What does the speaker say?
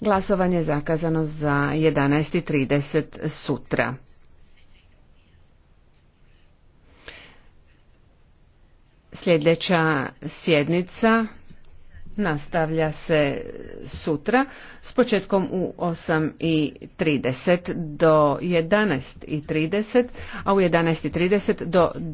Glasovanje je zakazano za 11.30 sutra. Sljedeća sjednica nastavlja se sutra s početkom u 8.30 do 11.30, a u 11.30 do